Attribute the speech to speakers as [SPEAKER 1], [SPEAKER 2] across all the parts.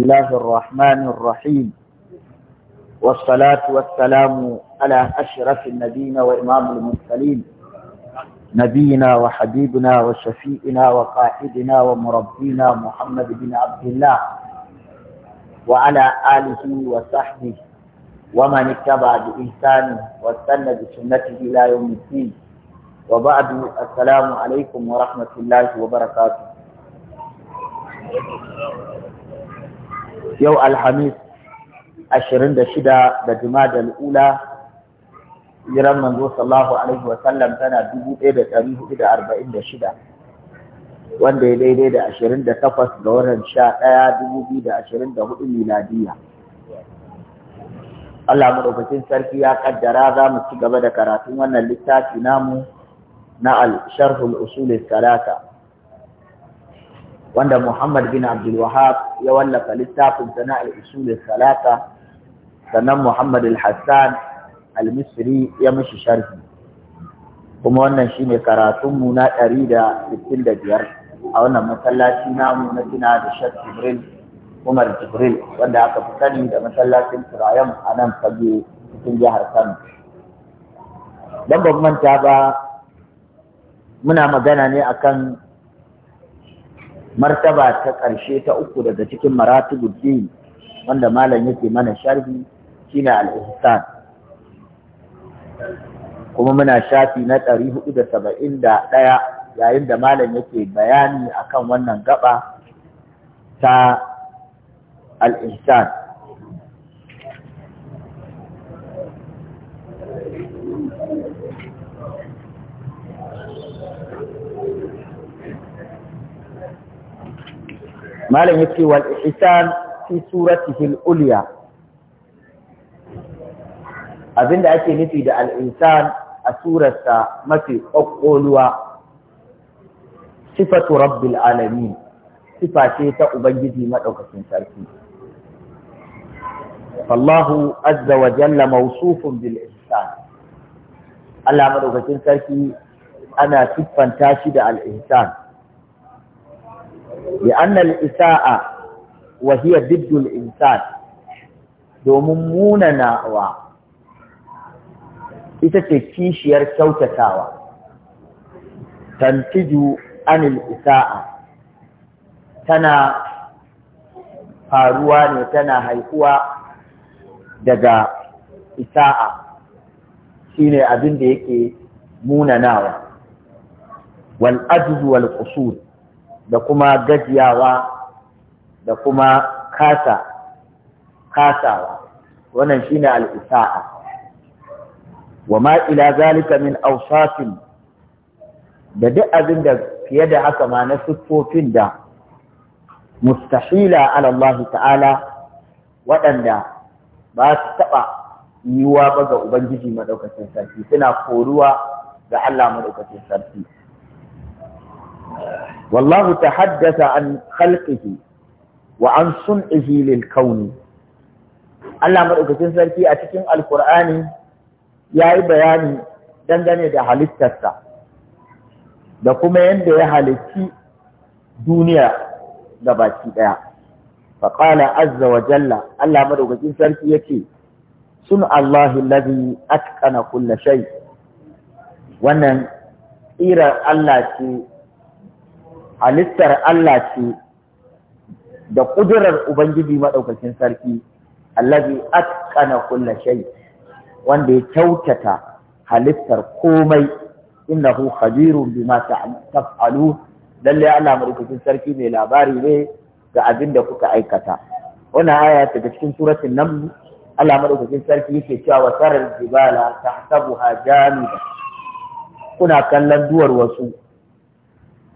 [SPEAKER 1] بسم الله الرحمن الرحيم والصلاة والسلام على أشرف النبيين وإمام المرسلين نبينا وحبيبنا وشفيئنا وقائدنا ومربينا محمد بن عبد الله وعلى آله وصحبه ومن اتبع بإحسانه واستنى بسنته إلى يوم الدين وبعد السلام عليكم ورحمة الله وبركاته yau alhamis ashirin da shida da da ula jiran manzo sallahu alaihi wasallam tana dubu ɗaya da ɗari hudu da arba'in da shida wanda ya daidai da ashirin da takwas ga watan sha ɗaya dubu biyu da ashirin da hudu miladiya Allah madaukakin sarki ya kaddara za mu ci gaba da karatun wannan littafi namu na al-sharhul usul salata wanda Muhammad bin Abdul Wahab ya wallafa littafin sana al-usul salata sannan Muhammad al-Hassan al-Misri ya mishi sharhi kuma wannan shine karatun mu na 165 a wannan masallaci namu na tuna da Sheikh Jibril Umar Jibril wanda aka fi sani da masallacin Turayen a nan fage cikin jihar Kano dan ban manta ba muna magana ne akan martaba ta ƙarshe ta uku daga cikin maratibuddin wanda malam yake mana sharhi shine al-ihsan kuma muna shafi na 471 ɗaya yayin da malam yake bayani akan wannan gaba ta al-ihsan malam yake wal ihsan fi suratihi al-ulya abinda ake nufi da al-insan a surarsa mafi ƙwaƙƙoluwa sifatu rabbil alamin sifa ce ta ubangiji madaukakin sarki fallahu azza wa jalla mawsufun bil ihsan Allah madaukakin sarki ana siffanta shi da al ihsan bi annal isa'a wa hiya diddul insan domin munanawa ita ce kishiyar kyautatawa tantiju anil isa'a tana faruwa ne tana haihuwa daga isa'a shine abin da yake munanawa wal ajzu wal da kuma gajiyawa da kuma kasa kasawa wannan shine al-isa'a wa ma ila zalika min awsafin da duk abin da fiye da haka ma na siffofin da mustahila ala Allah ta'ala waɗanda ba su taɓa yiwuwa ba ga Ubangiji maɗaukacin sarki suna koruwa ga Allah maɗaukacin sarki والله تحدث عن خلقه وعن صنعه للكون Allah madaukakin sarki a cikin alkur'ani ya yi bayani dangane da halittarsa da kuma yadda ya halitti duniya da baki ɗaya. Faƙala azza wa jalla Allah madaukakin sarki ya ce, Sun Allahi lazi atkana kulla shai, wannan tsirar Allah ce halittar Allah ce da ƙudurar Ubangiji maɗaukakin sarki, allazi atkana kulla shai wanda ya kyautata halittar komai hu khabirun bima taf'alu lalle Allah maɗaukakin sarki mai labari ne ga abin da kuka aikata. Wannan aya daga cikin suratul Naml Allah maɗaukakin sarki yake cewa wa tarar jibala tahsabuha jamida kuna kallon duwar wasu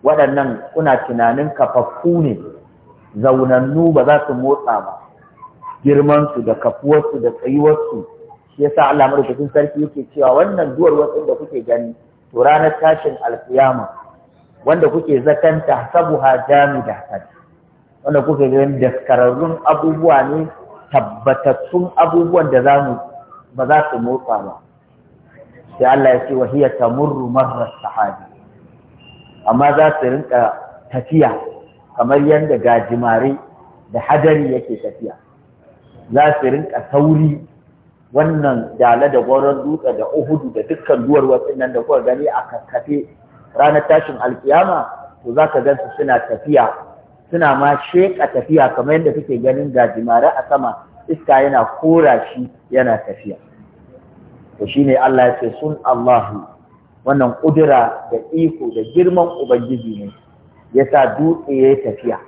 [SPEAKER 1] waɗannan kuna tunanin kafaffu ne zaunannu ba za su motsa ba girmansu da kafuwarsu da tsayuwarsu shi alamar Allah madaukakin sarki yake cewa wannan duwar wasu da kuke gani to ranar tashin alkiyama wanda kuke zakanta da jamida wanda kuke ganin daskararrun abubuwa ne tabbatattun abubuwan da mu ba za su motsa ba sai Allah ya ce wa hiya tamurru marra sahabi amma za su rinka tafiya kamar yadda gajimare da hadari yake tafiya za su rinka sauri wannan dala da goron dutse da uhudu da dukkan duwar wasu nan da kuka gani a kakkafe ranar tashin alkiyama to za ka gansu suna tafiya suna ma sheƙa tafiya kamar yadda kuke ganin gajimare a sama iska yana kora shi yana tafiya to shine Allah ya ce sun Allahu wannan ƙudura da iko da girman ubangiji ne ya sa dutse ya tafiya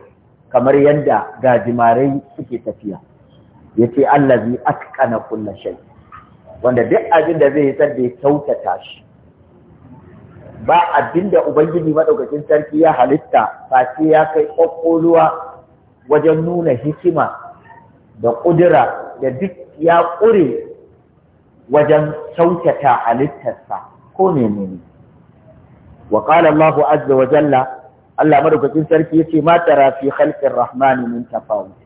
[SPEAKER 1] kamar yadda gajimarai suke tafiya ya ce Allah allazi atkana kulla shai. wanda duk abin da zai san da ya kyautata shi ba abin da ubangiji madaukakin sarki ya halitta ce ya kai ƙwaƙwalwa wajen nuna hikima da ƙudura da duk ya ƙure wajen kyautata halittarsa ko menene wa qala Allahu azza wa jalla Allah madaukakin sarki yace ma tara fi khalqir rahmani min tafawut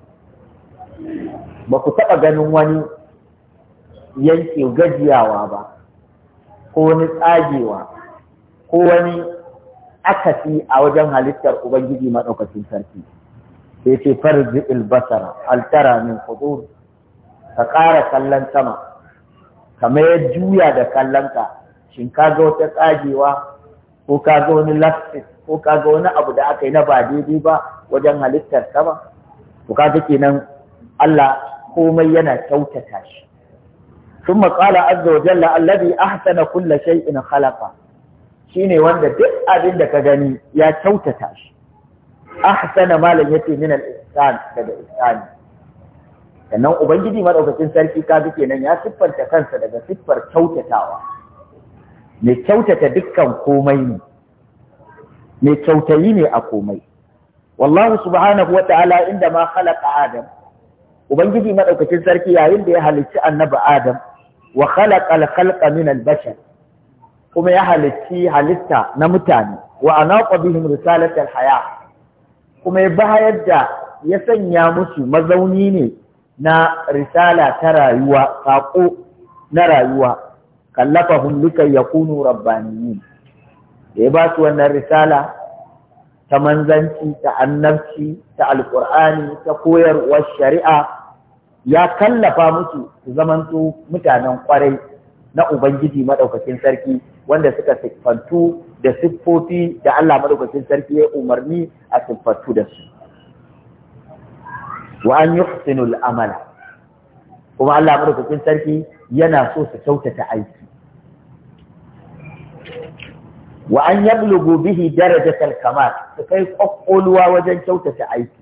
[SPEAKER 1] ba ku taba ganin wani yanke gajiyawa ba ko ni tsagewa ko wani akasi a wajen halittar ubangiji madaukakin sarki sai ce farji ilbasara altara min hudur ka ƙara kallon sama kamar mayar juya da kallonka shin ka ga wata tsagewa ko ka ga wani lapsis ko ka ga wani abu da aka yi na ba daidai ba wajen halittar ka ba to ka ga kenan Allah komai yana kyautata shi ثم قال عز وجل الذي أحسن كل شيء خلقه shine wanda duk abin da ka gani ya kyautata shi ahsana malam yace min al-ihsan daga Da sannan ubangiji madaukakin sarki ka ga kenan ya siffanta kansa daga siffar kyautatawa mai kyautata dukkan komai ne mai kyautayi ne a komai wallahu subhanahu wa ta'ala inda ma khalaqa adam ubangiji madaukakin sarki yayin da ya halicci annabi adam wa khalaqa al-khalqa min al-bashar kuma ya halicci halitta na mutane wa anaqa bihim risalat al-haya kuma ya bayar da ya sanya musu mazauni ne na risala ta rayuwa saƙo na rayuwa kallafahum likay yakunu rabbaniyin da ya ba su wannan risala ta manzanci ta annabci ta alkur'ani ta koyarwar shari'a ya kallafa musu su zamanto mutanen kwarai na ubangiji madaukakin sarki wanda suka siffantu da siffofi da Allah maɗaukakin sarki ya umarni a siffantu da su wa an yuhsinul amala kuma Allah maɗaukakin sarki yana so su kyautata aiki wa an yablugu bihi darajatal kamal su kai kokkoluwa wajen kyautata aiki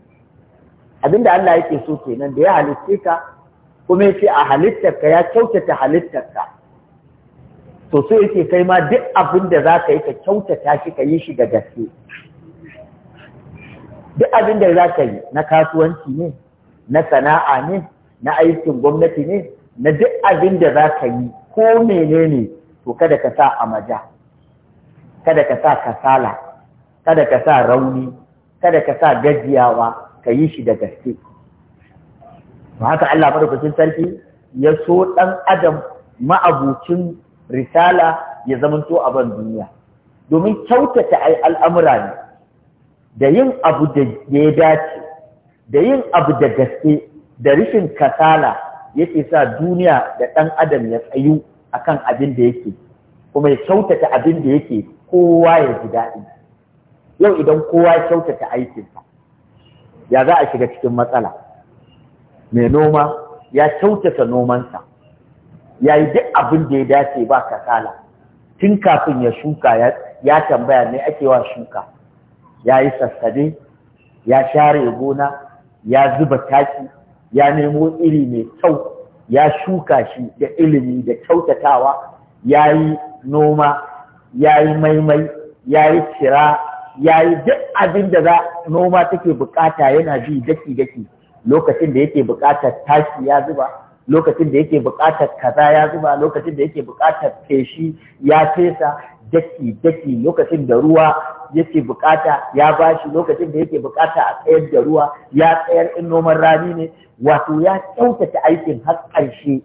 [SPEAKER 1] abinda Allah yake so kenan da ya halitta ka kuma yake a ka ya kyautata halittarka to so yake kai ma duk abin da ka yi ka kyautata shi ka yi shi da gaske duk abinda da yi na kasuwanci ne na sana'a ne na aikin gwamnati ne na duk abinda zaka yi ko menene to kada ka sa a maja kada ka sa kasala kada ka sa rauni kada ka sa gajiyawa ka yi shi da gaske haka Allah madaukakin sarki ya so dan adam ma'abucin risala ya zamanto a ban duniya domin kyautata al'amura ne da yin abu da ya dace da yin abu da gaske da rishin kasala yake sa duniya da ɗan adam ya tsayu akan abin da yake kuma ya kyautata abin da yake kowa ya ji daɗi yau idan kowa ya kyautata aikinsa ya za a shiga cikin matsala mai noma ya kyautata nomansa ya yi duk abin da ya dace ba kasala tun kafin ya shuka ya tambaya me ake wa shuka ya yi sassane, ya share gona ya zuba taki ya nemo iri mai kyau ya shuka shi da ilimi da kyautatawa ya yi noma ya yi maimai ya yi cira ya yi duk abin da za noma take bukata yana bi daki daki lokacin da yake bukatar tashi ya zuba lokacin da yake bukatar kaza ya zuba lokacin da yake bukatar feshi ya fesa daki daki lokacin da ruwa yake bukata ya bashi lokacin da yake bukata a tsayar da ruwa ya tsayar in noman rani ne wato ya kyautata aikin har karshe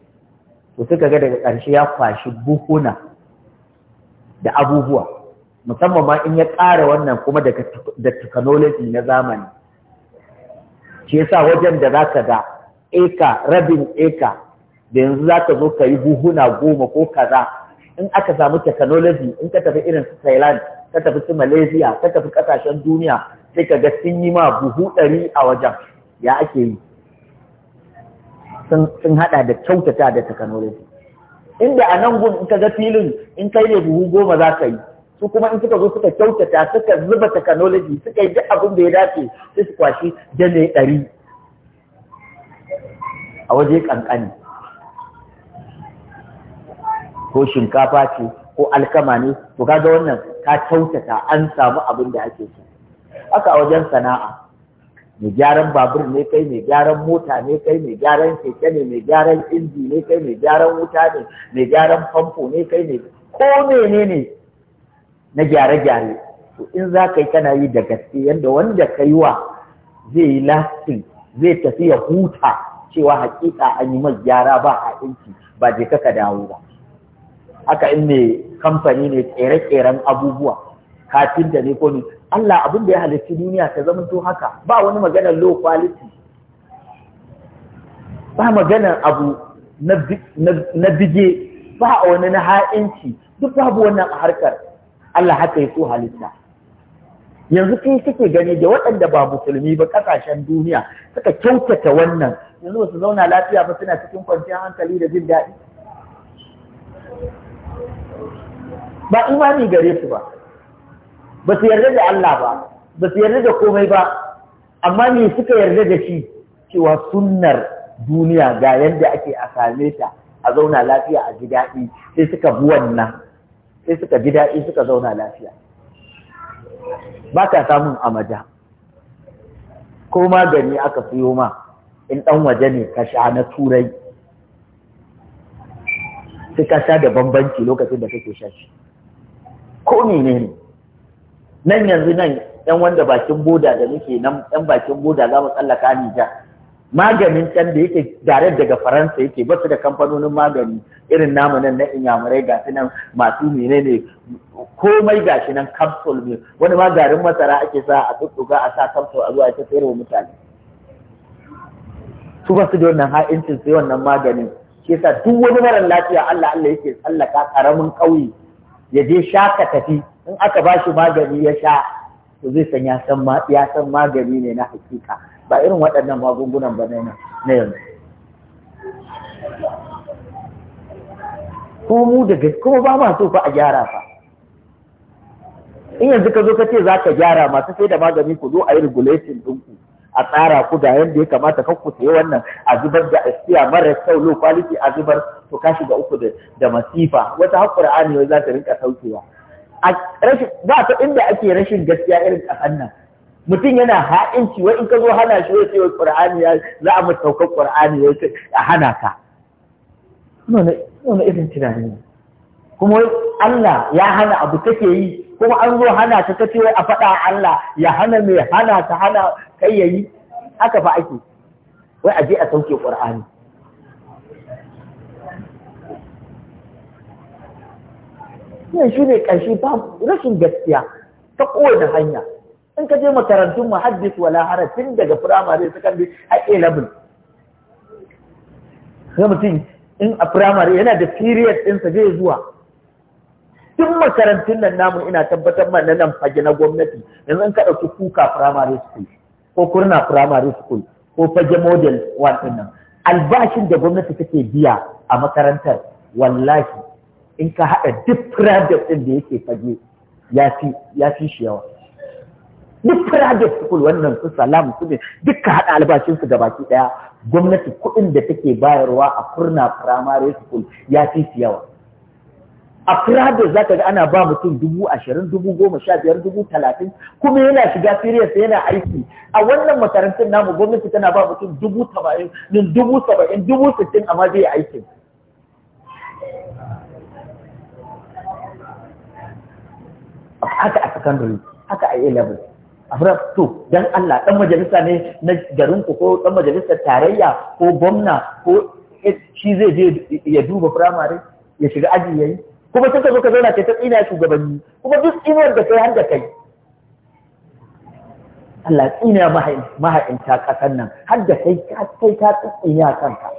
[SPEAKER 1] to suka ga daga ƙarshe ya kwashi buhuna da abubuwa musamman ma in ya ƙara wannan kuma da technology na zamani Ke sa wajen da za ka ga eka rabin eka da yanzu za ka zo ka yi buhuna goma ko kaza in aka samu technology in ka tafi irin su thailand ka tafi su malaysia ka tafi kasashen duniya sai ka ga sun yi ma buhu ɗari a wajen ya ake yi sun hada da kyautata da technology inda a nan gun in ka ga filin in kai ne buhu goma za ka yi su kuma in suka zo suka kyautata suka zuba technology suka yi duk abin da ya dace sai su kwashi jane ɗari a waje ƙanƙani ko shinkafa ce ko alkama ne to ga wannan ka kyautata an samu abin da ake so haka a wajen sana'a mai gyaran babur ne kai mai gyaran mota ne kai mai gyaran keke ne mai gyaran inji ne kai mai gyaran wuta ne mai gyaran famfo ne kai ne ko mene ne na gyare-gyare to in za ka yi kana yi da gaske yadda wanda ka yi wa zai yi lasting zai tafi ya huta cewa hakika an yi mai gyara ba a inci ba je ka dawo ba haka in mai kamfani ne kere-keren abubuwa kafinta ne ko ne Allah abin da ya halarci duniya ta zama to haka ba wani magana low quality ba magana abu na bige ba wani na ha'inci duk babu wannan a harkar Allah haka ya so halitta yanzu kai kake gani da waɗanda ba musulmi ba ƙasashen duniya suka kyautata wannan yanzu ba su zauna lafiya ba suna cikin kwanciyar hankali da jin daɗi ba imani gare su ba ba su yarda da Allah ba ba su yarda da komai ba amma ne suka yarda da shi cewa sunnar duniya ga yadda ake a same ta a zauna lafiya a ji daɗi sai suka bi wannan sai suka ji daɗi suka zauna lafiya ba ka samun amaja ko magani aka siyo ma in ɗan waje ne ka sha na turai sai ka sha da bambanci lokacin da kake shashi. ko ko ne ne nan yanzu nan yan wanda bakin boda da muke nan yan bakin boda za mu tsallaka ja. maganin can da yake direct daga Faransa yake ba su da kamfanonin magani irin namu nan na inyamurai ga su nan masu menene komai ga shi nan capsule ne wani ma garin masara ake sa a tuttuga a sa capsule a zuwa ita sayar wa mutane su ba su da wannan ha'incin sai wannan maganin Ke sa duk wani marar lafiya Allah Allah yake tsallaka karamin ƙauye ya je shaka tafi in aka ba shi magani ya sha to zai san ya san ya san magani ne na hakika ba irin waɗannan magungunan ba na yanzu ko mu da kuma ba ma so fa a gyara fa in yanzu ka zo ka ce za ka gyara masu sai da magani ku zo a yi regulation ɗinku a tsara ku da yadda ya kamata kan ku sayi wannan a zubar da iskiya mara kyau low quality a zubar to ka shiga uku da masifa wata haƙur'ani ne za ta rinka saukewa ba ta inda ake rashin gaskiya irin kasan nan mutum yana ha'inci wai in ka zo hana shi wai cewa qur'ani ya za a mu saukar qur'ani a hana ka nuna irin tunani kuma Allah ya hana abu take yi kuma an zo hana ta kace wai a faɗa Allah ya hana mai hana ta hana kai yayi haka fa ake wai a je a sauke ƙur'ani. nan shi ne ƙarshe ba rashin gaskiya ta kowane hanya in ka je makarantun muhaddis wala tun daga firamare sakandare a a level ga mutum in a firamare yana da period ɗinsa zai zuwa tun makarantun nan namu ina tabbatar ma na nan fage na gwamnati yanzu in ka ɗauki kuka firamare school ko kurna firamare school ko fage model one ɗin nan albashin da gwamnati take biya a makarantar wallahi in ka haɗa duk private ɗin da yake fage ya fi shi yawa duk private school wannan su salamu su ne duk ka haɗa albashinsu ga baki ɗaya gwamnati kuɗin da take bayarwa a kurna primary school ya fi shi yawa a private za ka ga ana ba mutum dubu ashirin dubu goma sha biyar dubu talatin kuma yana shiga serious yana aiki a wannan makarantun namu gwamnati tana ba mutum dubu tamanin dubu saba'in dubu sittin amma zai aikin haka a secondary haka a level a fara to dan Allah dan majalisa ne na garin ku ko dan majalisar tarayya ko gwamna ko shi zai je ya duba firamare ya shiga aji yayi kuma sai ka zo ka zauna kai ta tsina shugabanni kuma duk tsinuwar da kai har da kai Allah tsina ta kasan nan har da kai kai ka tsina kanka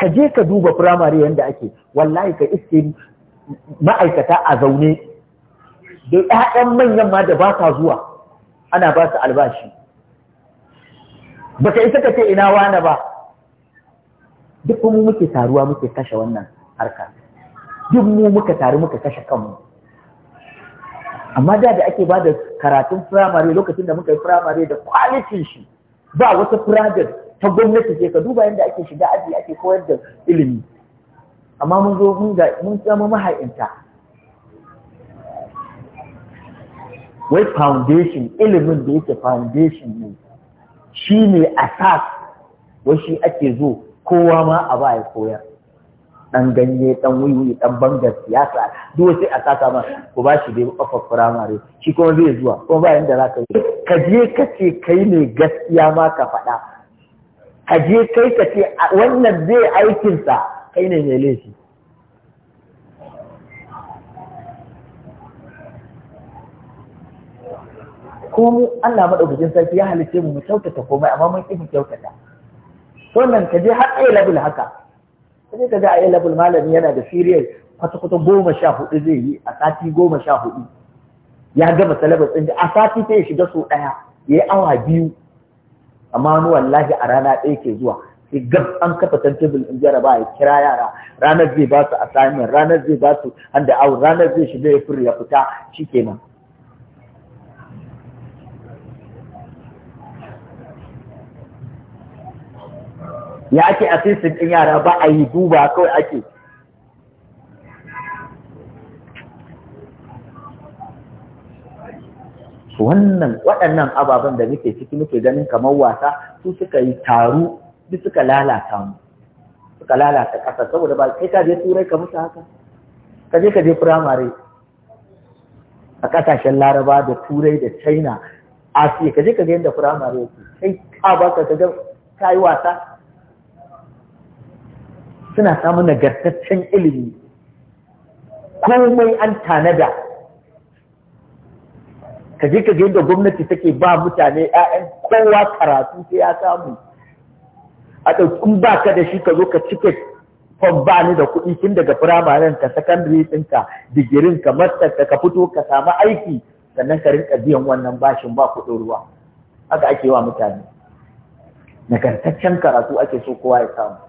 [SPEAKER 1] ka je ka duba firamare yanda ake wallahi ka iske ma'aikata a zaune da ɗaɗan manyan ma da ba sa zuwa ana ba su albashi baka isa ka ce ina wane ba duk mu muke taruwa muke kashe wannan harka duk mu muka taru muka kashe kanmu amma da da ake ba da karatun firamare lokacin da muka yi firamare da kwalitin shi ba wata firajar ta gwamnati ce ka duba yadda ake shiga aji ake koyar da ilimi amma mun zo mun zama maha'inta wai foundation ilimin da yake foundation ne shi ne asas wai shi ake zo kowa ma a ba ya koyar ɗan ganye ɗan wiwi ɗan bangar siyasa duk sai a saka ma ku ba shi dai offer firamare shi kuma zai zuwa kuma ba yanda za ka yi ka je ka ce kai ne gaskiya ma ka faɗa ka je kai ka ce wannan zai aikinsa kai ne mai laifi ko mu Allah maɗaukakin sarki ya halice mu mu kyautata komai amma mun mu kyautata wannan ka je har A level haka sai ka ga A level malami yana da serious kwata-kwata goma sha hudu zai yi a sati goma sha hudu ya gama salabar da a sati sai ya shiga sau ɗaya ya yi awa biyu amma wani wallahi a rana ɗaya ke zuwa sai gab an kafa tantabil in jaraba ya kira yara ranar zai ba su assignment ranar zai ba su handa out ranar zai shiga ya fur ya fita shikenan ya ake assistant ɗin yara ba a yi duba kawai ake wannan waɗannan ababen da muke ciki muke ganin kamar wasa su suka yi taru duk suka lalata mu suka lalata ƙasa saboda ba kai ka je turai ka musu haka ka je ka je firamare a ƙasashen laraba da turai da china asiya ka je ka ga yadda firamare yake kai ka ba ka ga ka yi wasa suna samun nagartaccen ilimi komai an tanada ka kaje ka ga gwamnati take ba mutane 'ya'yan kowa karatu sai ya samu a ɗaukun ba ka da shi ka zo ka cike fom ba ni da kuɗi tun daga firamaren ka sakandare ɗinka digirin ka ka fito ka samu aiki sannan ka rinka biyan wannan bashin ba kuɗin ruwa haka ake wa mutane nagartaccen karatu ake so kowa ya samu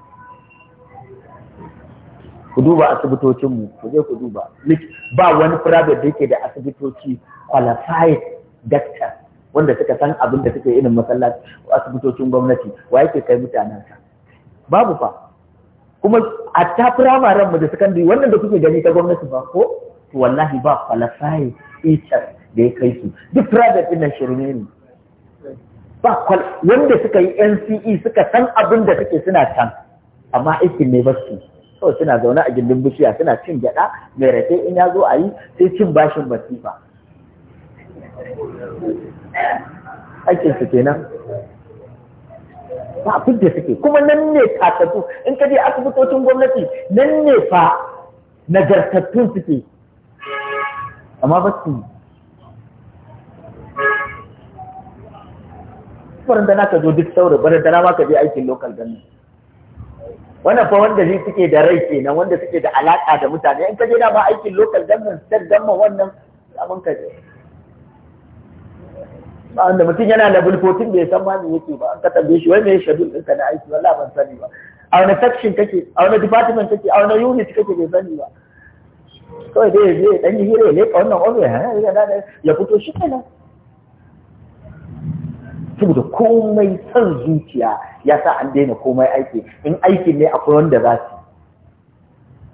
[SPEAKER 1] ku duba asibitocinmu ku je ku duba ba wani private da yake da asibitoci qualified doctor wanda suka san abin da suke irin masallaci asibitocin gwamnati wa yake kai mutanensa babu fa kuma a ta firamaren mu da secondary wannan da kuke gani ta gwamnati ba ko to wallahi ba qualified teacher da ya kai su duk private din nan shirme ne ba wanda suka yi NCE suka san abin da suke suna can amma aikin ne ba su kawai suna zaune a gindin bishiya suna cin gyaɗa mai rafe in ya zo a yi sai cin bashin masifa
[SPEAKER 2] aikin su kenan ba
[SPEAKER 1] a da suke kuma nan ne takatu in ka je asibitocin gwamnati nan ne fa nagartattun suke amma ba su barin da na ka zo duk saurin barin da na ma ka je aikin lokal government wannan fa wanda shi suke da rai kenan wanda suke da alaka da mutane in ka je da ba aikin local government state ma wannan abin ka je ba wanda mutum yana da bulkotin da ya san ma me yake ba an ka tambaye shi wai me schedule ɗinka na aiki wallahi ban sani ba a wani section kake a wani department kake a wani unit kake bai sani ba kawai dai ya je dan yi hira ya leka wannan office ya fito shi kenan saboda komai son zuciya ya sa an daina komai aiki in aikin ne akwai wanda za su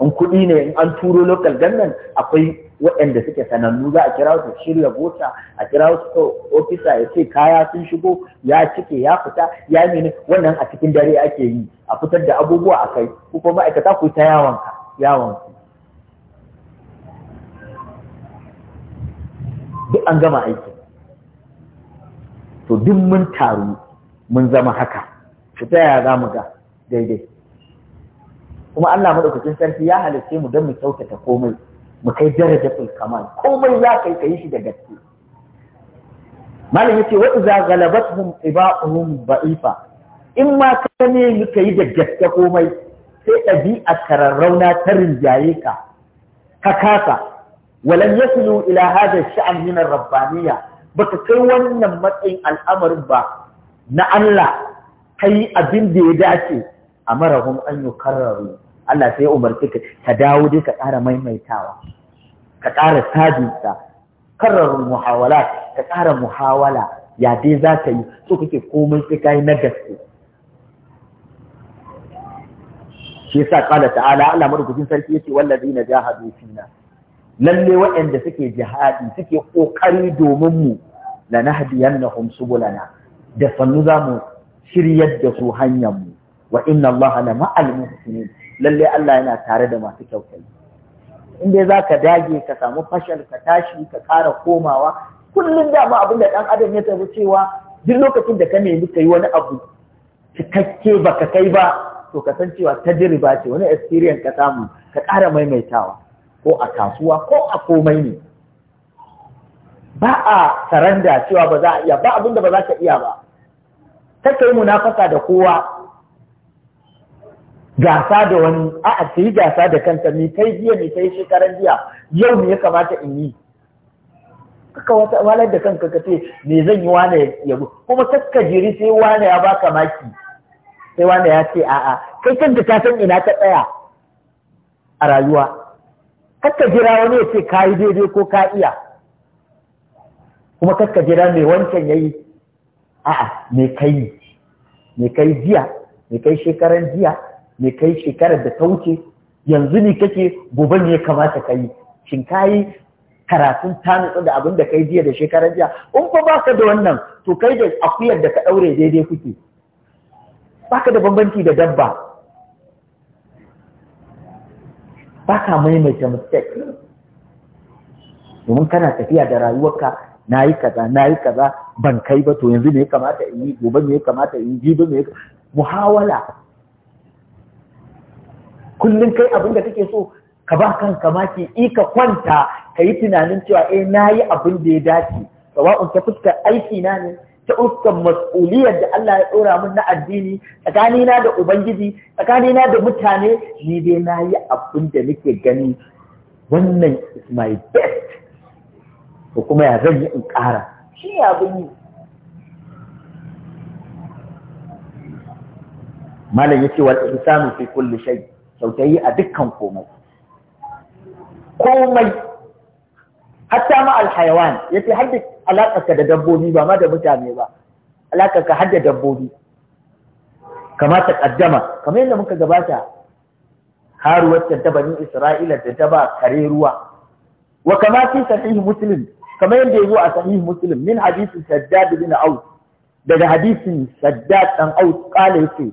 [SPEAKER 1] in kuɗi ne in an turo local gannan akwai waɗanda suke sanannu za a kira su shirya bota a kira su ofisa ya ce kaya sun shigo ya cike ya fita ya mene wannan a cikin dare ake yi a fitar da abubuwa a kai ko kuma ma'aikata ku ta yawon yawanku duk an gama aiki to duk mun taru mun zama haka su ta yaya za mu ga daidai kuma Allah madaukakin sarki ya halice mu don mu kyautata komai mu kai darajatul kamal komai za ka yi ka yi shi da gaske malam yace wa idza ghalabatuhum iba'uhum ba'ifa in ma ka ne ka yi da gaske komai sai ɗabi'a kararrauna ta rinjaye ka ka kasa walan yaslu ila ash sha'an min ar-rabbaniyya Ba ta kai wannan matsayin al'amarin ba na Allah yi abin da ya dace a marahun an kararru Allah sai ya ka ta dawo dai ka ƙara maimaitawa ka ƙara sabinta kararru muhawala ka ƙara muhawala ya dai za ka yi so kake komai sai ka yi na gaske shi yasa qala ta'ala Allah madaukakin sarki yace wallazina jahadu fina lalle waɗanda suke jihadi suke ƙoƙari domin mu la nahdiyannahum subulana da sannu za mu shiryar da su hanyar mu wa inna Allah la ma'al muhsinin lalle Allah yana tare da masu kyautai in dai zaka dage ka samu fashal ka tashi ka ƙara komawa kullum dama abin da ɗan adam ya tafi cewa duk lokacin da ka nemi ka yi wani abu cikakke baka kai ba to kasancewa ta tajriba ce wani experience ka samu ka ƙara maimaitawa ko a kasuwa ko a komai ne ba a saranda cewa ba za a iya ba abinda ba za ka iya ba kakka yi munafasa da kowa gasa da wani a'a ce yi gasa da kanta ni kai jiya ni kai shekaran jiya yau ne ya kamata in yi kaka wata walar da kanka ka ce me zan yi wane ya kuma kaka jiri sai wane ya baka maki sai wane ya ce a'a kai kanka ta san ina ta tsaya a rayuwa kakka jira wani ya ce ka yi daidai ko ka iya kuma kakka jira mai wancan ya yi a'a mai kai mai kai jiya mai kai shekaran jiya mai kai shekarar da ta wuce yanzu ne kake gobe ne ya kamata ka yi shin ka yi karatun ta nutsu da abin da kai jiya da shekaran jiya in fa baka da wannan to kai da akuyar da ka ɗaure daidai kuke baka da bambanci da dabba ba ka maimaita mistake domin kana tafiya da rayuwarka na yi kaza na yi kaza ban kai ba to yanzu me ya kamata in yi gobe me ya kamata in yi ba me ya muhawala kullum kai abin da kake so ka ba ka maki i ka kwanta ka yi tunanin cewa eh na yi abin da ya dace sawa'un ta fuskar aiki na ne ta uskan mas'uliyar da Allah ya ɗora min na addini tsakanina da ubangiji tsakanina da mutane ni dai na yi abin da nake gani wannan is my best ko kuma ya zan yi in ƙara shi ya abin yi malam ya wal insanu fi kulli shay sautayi a dukkan komai komai hatta ma alhayawan yace har da alakarka da dabbobi ba ma da mutane ba alakarka har da dabbobi Kamata ta kaddama kamar yadda muka gabata haruwar ta bani isra'ila da ta ba kare ruwa wa kama fi sahih muslim kamar yadda yazo a sahih muslim min hadisi saddad bin aus daga hadisin saddad dan aus kala yace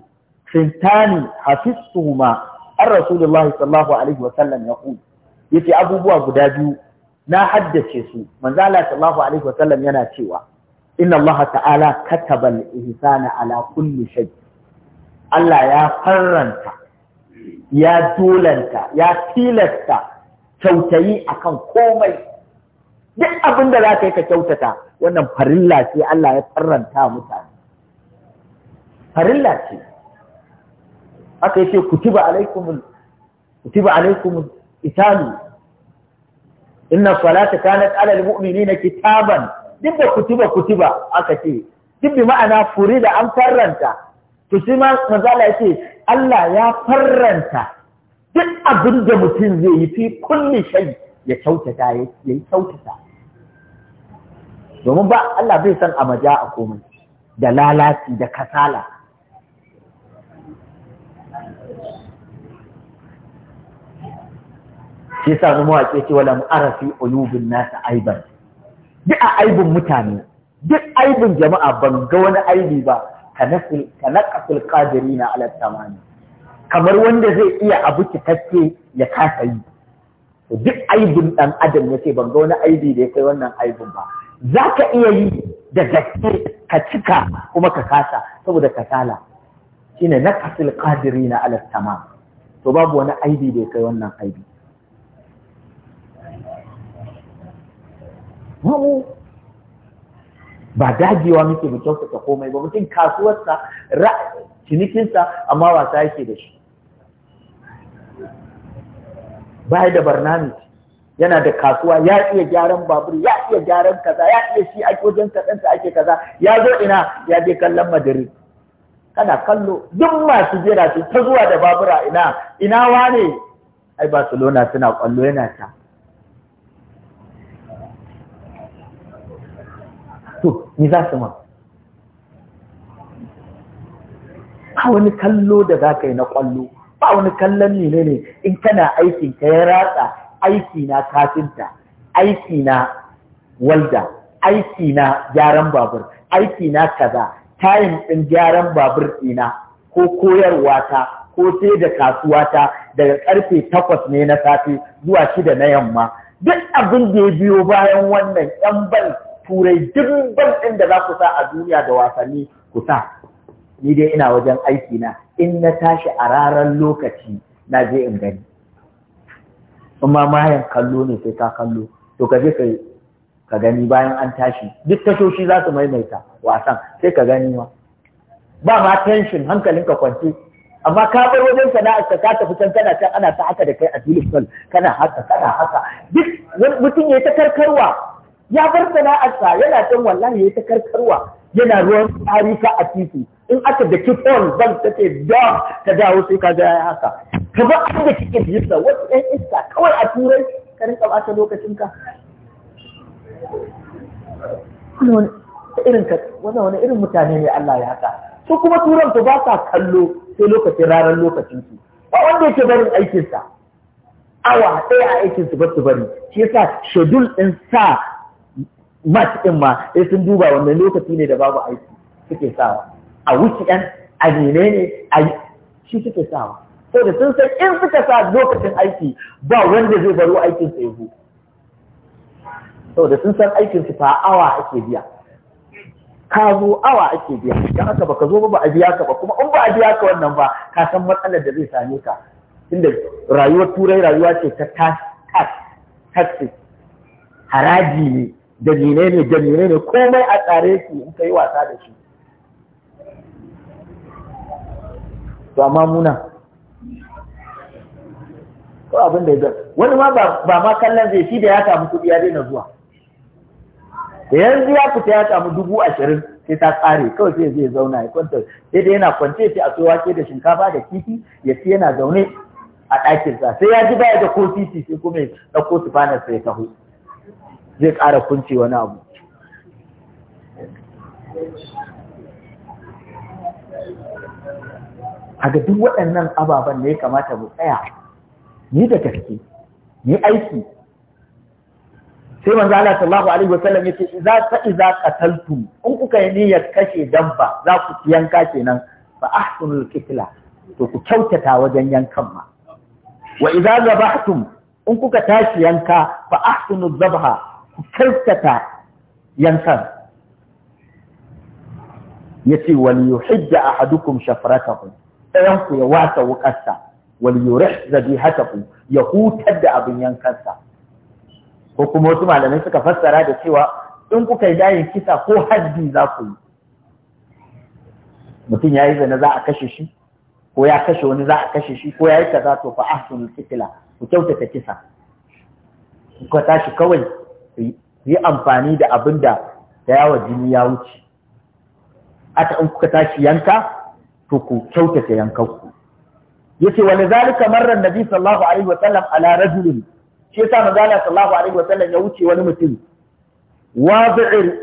[SPEAKER 1] shintani hafistuhuma ar rasulullah sallallahu alaihi wa sallam yaqul yace abubuwa guda biyu na haddace su manzo Allah sallallahu alaihi sallam yana cewa inna Allah ta'ala kataba al-ihsana ala kulli shay Allah ya farranta ya dolanta ya tilasta kyautayi akan komai duk abin da za ka yi ka kyautata wannan farilla ce Allah ya farranta mutane farilla ce aka yi ce kutuba alaikumul kutuba alaikumul italu inna salata kanat ala almu'minina kitaban duk ba kutuba kutuba aka ce duk bi ma'ana furi da an farranta to shi ma manzala yace Allah ya farranta duk abin da mutum zai yi fi kulli shay ya kyautata ya yi kyautata domin ba Allah bai san amaja a komai da lalaci da kasala shi yasa mu mawaƙi ce wala arafi uyubin nasa aiban duk a aibin mutane duk aibin jama'a ban ga wani aibi ba kanasul kanaqasul qadirina ala tamani kamar wanda zai iya abu cikakke ya kasa yi duk aibin dan adam yace ban ga wani aibi da ya kai wannan aibin ba zaka iya yi da gaske ka cika kuma ka kasa saboda kasala shine naqasul qadirina ala tamam to babu wani aibi da ya kai wannan aibi mu ba dagewa muke mu kyautata komai ba mutum kasuwarsa cinikinsa amma wasa yake da shi baya da barnami yana da kasuwa ya iya gyaran babur ya iya gyaran kaza ya iya shi ake wajen kaɗansa ake kaza ya zo ina ya je kallon madrid kana kallo duk masu jira su ta zuwa da babura ina ina wane ai barcelona suna kwallo yana ta to ni za su ma ba wani kallo da za ka yi na kwallo ba wani kallon ne ne in kana aikin ka ya ratsa aiki na kafinta aiki na walda aiki na gyaran babur aiki na kaza tayin ɗin gyaran babur ɗina ko koyarwa ta ko sai da kasuwa ta daga karfe takwas ne na safe zuwa shida na yamma duk abin da ya biyo bayan wannan yan ban turai duk inda ɗin da za ku sa a duniya da wasanni ku sa ni dai ina wajen aiki na in na tashi a rarar lokaci na je in gani in ma mayan kallo ne sai ka kallo to ka je ka gani bayan an tashi duk tashoshi za su maimaita wasan sai ka gani ma ba ma tension ka kwance amma ka bar wajen sana'ar ka ka tafi can kana can ana ta haka da kai a filin kana haka kana haka duk mutum ya ta karkarwa ya bar sana'arsa yana can wallahi ya ta karkarwa yana ruwan tarika a titi in aka da kifon zan ta ce don ka dawo sai ka ga ya haka ka ba an da kike jisa wasu ɗan iska kawai a turai ka rinka ɓata lokacinka irin ka wannan wani irin mutane ne Allah ya haka su kuma turan su ba sa kallo sai lokacin ranar lokacin su ba wanda yake barin aikinsa awa ɗaya a aikin su ba su bari shi yasa shedul ɗin sa match ɗin ma sai sun duba wannan lokaci ne da babu aiki suke sawa a 'yan a ne a shi suke sawa sai da sun san in suka sa lokacin aiki ba wanda zai baro aikin sa sau saboda sun san aikin su fa awa ake biya ka zo awa ake biya dan haka baka zo ba a biya ka ba kuma in ba a biya ka wannan ba ka san matsalar da zai same ka inda rayuwar turai rayuwa ce ta tax tax haraji ne dalilai ne dalilai ne komai a tsare su in ka yi wasa da shi to amma muna ko abin da ya wani ma ba ma kallon zai shi da ya samu kuɗi ya daina zuwa da yanzu ya fita ya samu dubu ashirin sai ta tsare kawai sai zai zauna ya kwanta sai da yana kwance sai a so wake da shinkafa da kifi ya ci yana zaune a ɗakinsa sai ya ji baya da ko titi sai kuma ya ɗauko tufanar sai ya taho zai ƙara kunce wani abu a ga duk waɗannan ababen da ya kamata mu tsaya ni da gaske ni aiki sai manzo Allah sallallahu alaihi wasallam yace idza fa idza taltu in kuka yi niyyar kashe dabba za ku yanka kenan fa ahsunul qitla to ku kyautata wajen yankan ma wa idza zabahtum in kuka tashi yanka fa ahsunuz zabha ku kyautata yankan ya ce wani yuhijja a hadukun shafaratahu ɗayanku ya wasa wukarsa wani yurih zabihatahu ya hutar da abin yankansa ko kuma wasu malamai suka fassara da cewa in kuka yi dayin kisa ko haddi za ku yi mutum ya yi zane za a kashe shi ko ya kashe wani za a kashe shi ko ya yi kaza to fa ahsinu fitila. ku kyautata kisa ku tashi kawai su yi amfani da abin da da yawa jini ya wuce A ta in kuka tashi yanka to ku kyautata yankanku yace wani zalika marra nabi sallallahu alaihi wa sallam ala rajulin shi yasa manzo sallallahu alaihi wa sallam ya wuce wani mutum wadi'ir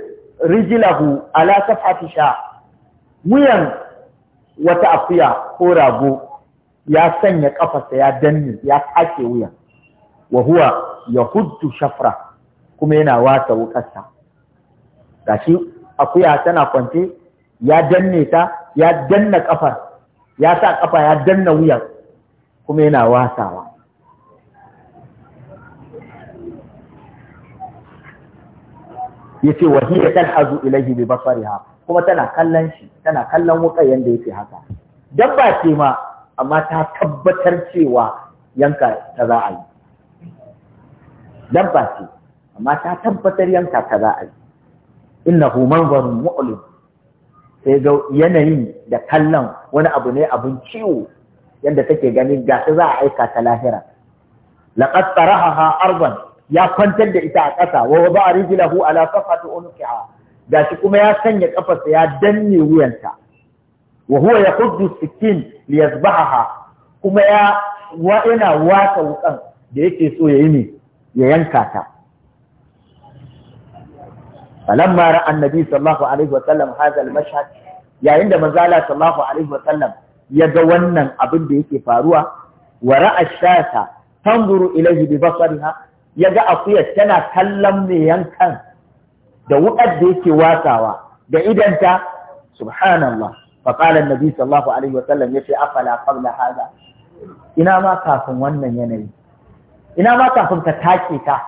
[SPEAKER 1] rijlahu ala safhati sha wuyan wata afiya ko rago ya sanya kafarsa ya danne ya take wuyan wa huwa yahuddu shafra kuma yana wasa wukarsa gashi akuya tana kwance ya danne ta ya danna kafar ya sa kafa ya danna wuyar, kuma yana wasawa ce wa hiya talhazu ilayhi bi basariha kuma tana kallon shi tana kallon wuka yanda yake haka dabba ce ma amma ta tabbatar cewa yanka ta za a yi dabba ce amma ta tabbatar yanka ta za a yi innahu manzarun mu'lim sai ga yanayin da kallon wani abu ne abin ciwo yadda take gani ga za a aika ta lahira laqad arban ya kwantar da ita a ƙasa wa wada rijlahu ala safati unqiha gashi kuma ya sanya kafarsa ya danne wuyanta wa huwa yahuddu sikin li yazbahaha kuma ya wa yana wata wukan da yake so yayi ne ya yanka ta falamma ra'a annabi sallallahu alaihi wa sallam hadha al-mashhad yayin da manzala sallallahu alaihi wa sallam ya ga wannan abin da yake faruwa wa ra'a shata tanzuru ilayhi bi basariha ya ga akuya tana kallon mai yankan da wuƙar da yake wasawa da idanta subhanallah fa qala annabi sallallahu alaihi wa sallam yace afala qabla hada ina ma kafin wannan yanayi ina ma kafin ka take ka,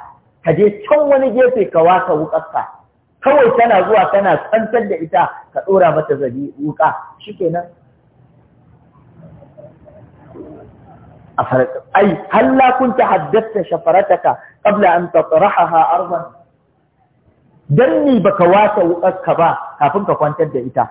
[SPEAKER 1] ka je can wani gefe ka wasa wukarka kawai tana zuwa tana kwantar da ita ka ɗora mata zabi wuka Shi shikenan a farka ai halla kun ta haddasta shafarataka qabla an tatrahaha arban dan ni baka wasa wukarka ba kafin ka kwantar da ita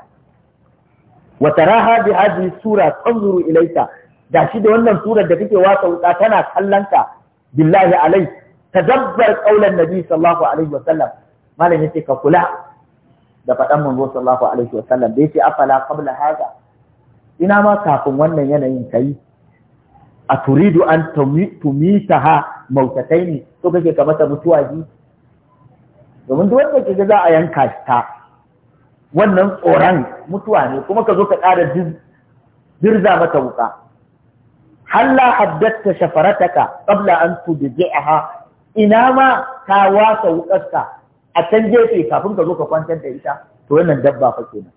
[SPEAKER 1] Wata raha bi hadhihi sura tanzuru ilayka gashi da wannan surar da kake wata wuka tana kallanta billahi alai tadabbar qaulan nabi sallallahu alaihi wa sallam malam yace ka kula da faɗan manzo sallallahu alaihi wa sallam da yace afala qabla hada ina ma kafin wannan yanayin kai a turidu an ha mautataini to kake ka mata mutuwa ji domin duk wanda ke za a yanka ta wannan tsoron mutuwa ne kuma ka zo ka ƙara dirza mata wuka halla haddatta shafarataka qabla an tudji'aha ina ma ta wasa wukarka a can gefe kafin ka zo ka kwantar da ita to wannan dabba fa kenan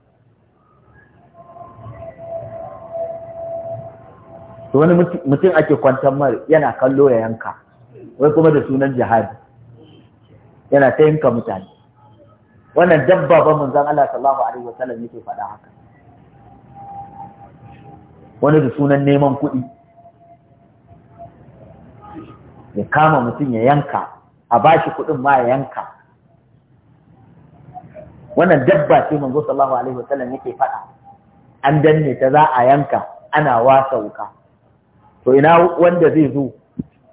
[SPEAKER 1] to wani mutum ake kwantar mara yana kallo ya yanka wai kuma da sunan jihadi yana ta yanka mutane wannan dabba ba zan Allah sallallahu alaihi sallam yake faɗa haka wani da sunan neman kuɗi ya kama mutum ya yanka a bashi kuɗin ma ya yanka wannan dabba ce manzo sallallahu alaihi wasallam yake faɗa an danne ta za a yanka ana wasa wuka to ina wanda zai zo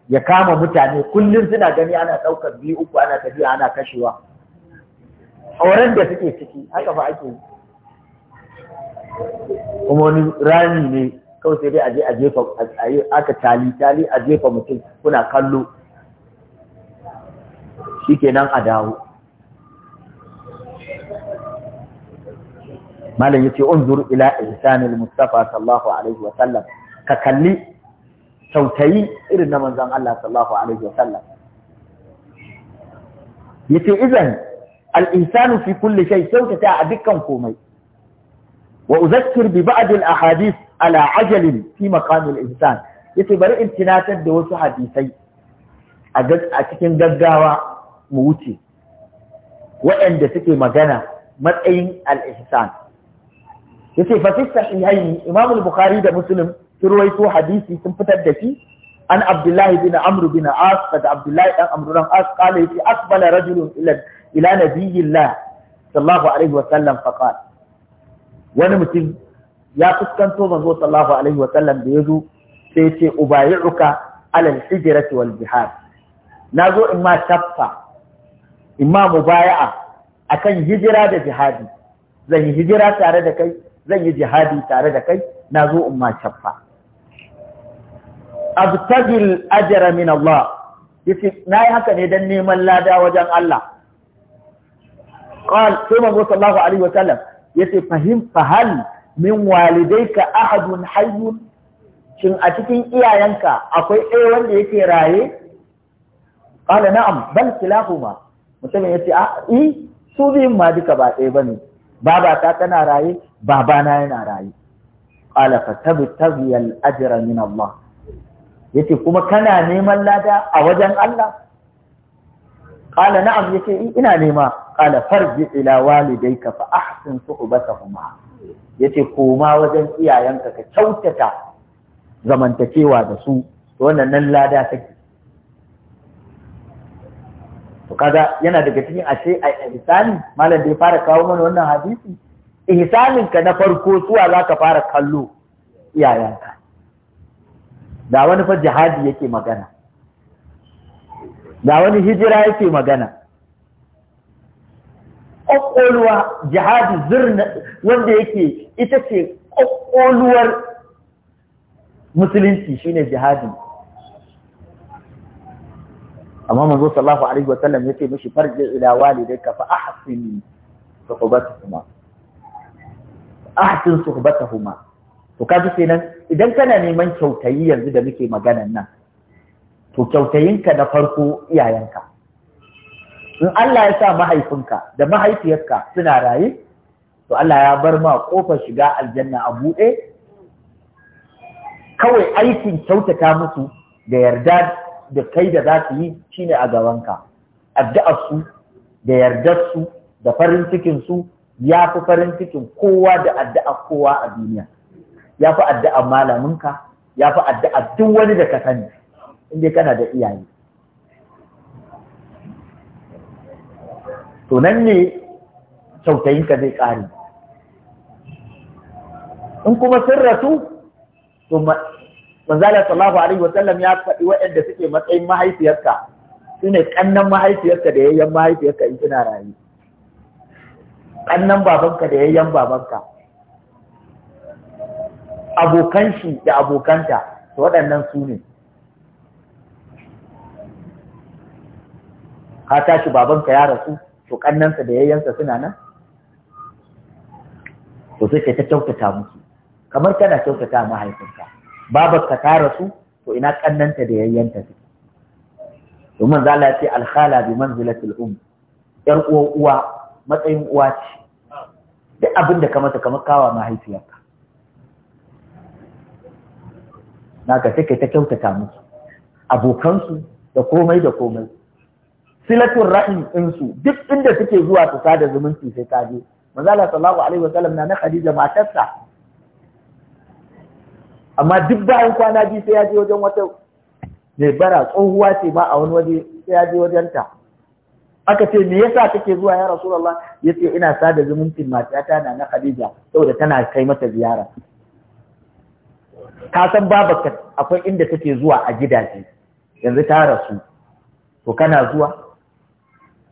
[SPEAKER 1] ya kama mutane kullum suna gani ana ɗaukar biyu uku ana tafiya ana kashewa auren da suke ciki haka fa ake kuma wani rani ne kawai sai dai aje a jefa aka tali tali a jefa mutum kuna kallo shikenan a dawo malam yace unzur ila ihsanil mustafa sallallahu alaihi wa sallam ka kalli sautayi irin na manzon Allah sallallahu alaihi wa sallam yace idan al-ihsanu fi kulli shay sautata a dukkan komai wa uzakkir bi ba'd al-ahadith ala ajalin fi maqam al Ya yace bari in tunatar da wasu hadisai a cikin gaggawa mu wuce waɗanda suke magana matsayin al-ihsan yace fa fi sahihayn imam al-bukhari da muslim sun ruwaito hadisi sun fitar da shi an abdullahi bin amr bin as da abdullahi dan amr dan as qala yace asbala rajulun ila ila nabiyillah sallallahu alaihi wa sallam fa qala wani mutum ya fuskanto manzo sallallahu alaihi wa sallam da yazo sai yace ubayi'uka ala al-hijrati wal jihad nazo in ma taffa in ma mubaya'a akan hijira da jihadi zan yi hijira tare da kai zan yi jihadi tare da kai na zo in ma shaffa ajra min Allah yace nayi haka ne dan neman lada wajen Allah qal sai manzo sallallahu alaihi wa sallam yace fahim fahal min ka ahadun hayyun shin a cikin iyayenka akwai ɗaya wanda yake raye qala na'am bal kilahuma mutumin yace a i eh, su biyun ma duka ba ɗaya bane baba ta tana raye babana yana rayu qala fatabtaghi al-ajra min Allah yace kuma kana neman lada a wajen Allah qala na'am yace eh, ina nema qala farji ila walidayka fa ahsin suhbatahuma yace koma wajen iyayenka ka kyautata zamantakewa da su wannan nan lada take to kaga yana daga cikin ashe a misali malam da ya fara kawo mana wannan hadisi ihsaninka na farko suwa za ka fara kallo iyayenka da wani fa jihadi yake magana da wani hijira yake magana
[SPEAKER 2] ƙwaƙwaluwa
[SPEAKER 1] jihadi zirna wanda yake ita ce ƙwaƙwaluwar musulunci shine jihadi amma manzo sallallahu alaihi wasallam yake mishi farji ila walidayka fa ahsin kuma. ahsin suhbatahuma to kaji kenan idan kana neman kyautayi yanzu da muke maganan nan to kyautayinka na farko iyayenka in Allah ya sa mahaifinka da mahaifiyarka suna raye to Allah ya bar ma kofar shiga aljanna a buɗe kawai aikin kyautata musu da yarda da kai da za su yi shine a gabanka su da yardar su da farin cikin su ya fi farin cikin kowa da addu'a kowa a duniya ya fi addu'a malaminka ya fi addu'a duk wani da ka sani inda kana da iyaye to nan ne ka zai ƙare in kuma sun rasu to manzala sallallahu alaihi wasallam ya faɗi waɗanda suke matsayin mahaifiyarka su ne ƙannan mahaifiyarka da yayyan mahaifiyarka in suna rayu ƙannan babanka da yayyan babanka abokan shi da abokanta to waɗannan su ne ka tashi babanka ya rasu to ƙannansa da yayyansa suna nan to sai ta kyautata musu kamar kana kyautata mahaifinka babarka ta rasu to ina ƙannanta da yayyanta su domin za ce alhala bi manzilatul um yar uwa uwa matsayin uwa ce duk abin da ka mata kamar kawa mahaifiyarka Na ga take ta kyautata musu abokansu da komai da komai silatun ra'in insu duk inda suke zuwa su sada zumunci sai ka je manzala sallallahu alaihi wa sallam na na Khadija matarsa amma duk bayan kwana biyu sai ya je wajen wata mai bara tsohuwa ce ba a wani waje sai ya je wajen ta aka ce me yasa kake zuwa ya rasulullah yace ina sada zumuncin matata na na khadija saboda tana kai mata ziyara ka san babarka akwai inda take zuwa a gidaje yanzu ta rasu to kana zuwa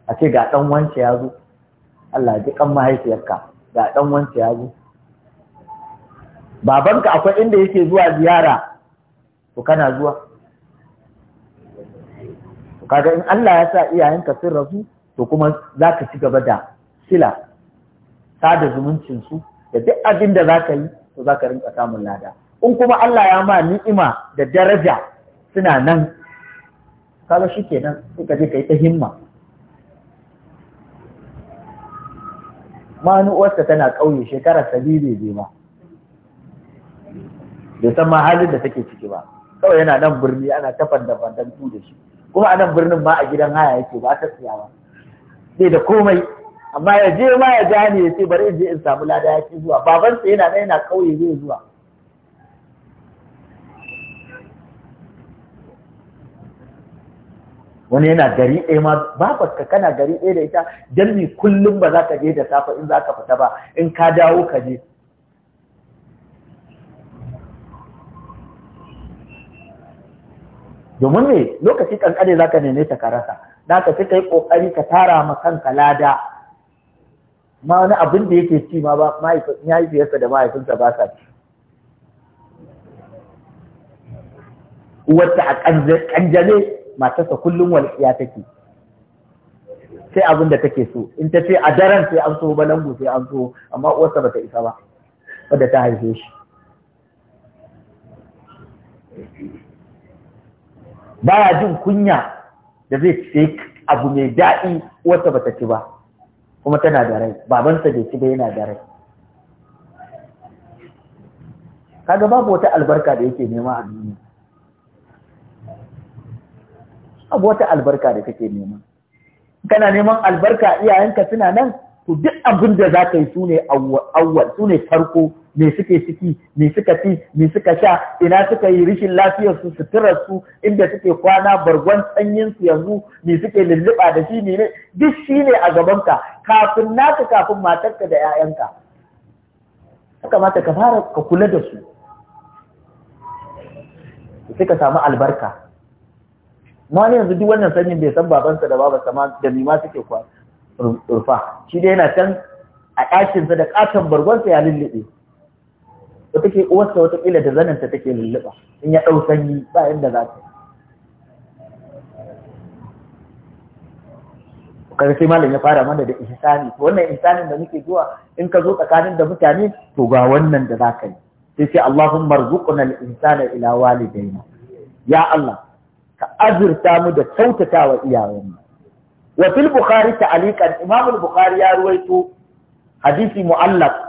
[SPEAKER 1] a ce ga dan wance ya zo Allah ji kan mahaifiyarka ga dan wance ya zo babanka akwai inda yake zuwa ziyara to kana zuwa kaga in Allah ya sa iyayenka sun rasu to kuma za ka ci gaba da sila sada zumuncin su da duk abin da za ka yi to za ka rinka samun lada in kuma Allah ya ma ni'ima da daraja suna nan kaga shi kenan sai ka je ka yi ta himma manuwarsa tana ƙauye shekara sabi bai je ba bai san ma halin da take ciki ba kawai yana nan birni ana bandan tu da shi kuma anan birnin ma a gidan haya yake ba ta siya ba sai da komai amma ya je ma ya ja ne bari in je in samu lada ya ci zuwa babansa yana nan yana kauye zai zuwa wani yana gari ɗaya ma ka kana gari ɗaya da ita don kullum ba za ka je da safe in za ka fita ba in ka dawo ka je domin ne lokaci kankane za ka ta ka rasa da ka fita yi ƙoƙari ka tara ma kanka lada ma wani abin da yake ci ma ba fiyarsa da mahaifinsa ba sa ci wata a kanjane matarsa kullum walƙiya take sai abin da take so in ta ce a daren sai an so balangu sai an so amma uwarsa ba ta isa ba wadda ta haife shi baya jin kunya da zai ce abu mai daɗi wata bata ci ba kuma tana da rai babansa bai ci ba yana da rai kaga babu wata albarka da yake nema a duniya abu wata albarka da kake nema kana neman albarka iyayenka suna nan to duk abin da za ka yi su ne farko me suke ciki me suka fi me suka sha ina suka yi rishin lafiyar su suturar su inda suke kwana bargon sanyin su yanzu me suke lulluɓa da shi ne duk shi ne a gabanka kafin naka kafin matarka da 'ya'yanka ya kamata ka fara ka kula da su sai ka samu albarka wani yanzu duk wannan sanyin bai san babansa da babansa ma da mima suke kwa rufa shi dai yana can a sa da ƙaton bargonsa ya lullube wata ke uwarsa wata kila da zananta take lulluɓa in ya ɗau sanyi ba inda za ta kaga sai malam ya fara mana da ihsani to wannan ihsanin da muke zuwa in ka zo tsakanin da mutane to ga wannan da za ka yi sai sai Allahumma arzuqna al-ihsana ila walidayna ya Allah ka azurta mu da kyautatawa iyayenmu wa fil bukhari ta'aliqan imam al-bukhari ya ruwaito hadisi mu'allaq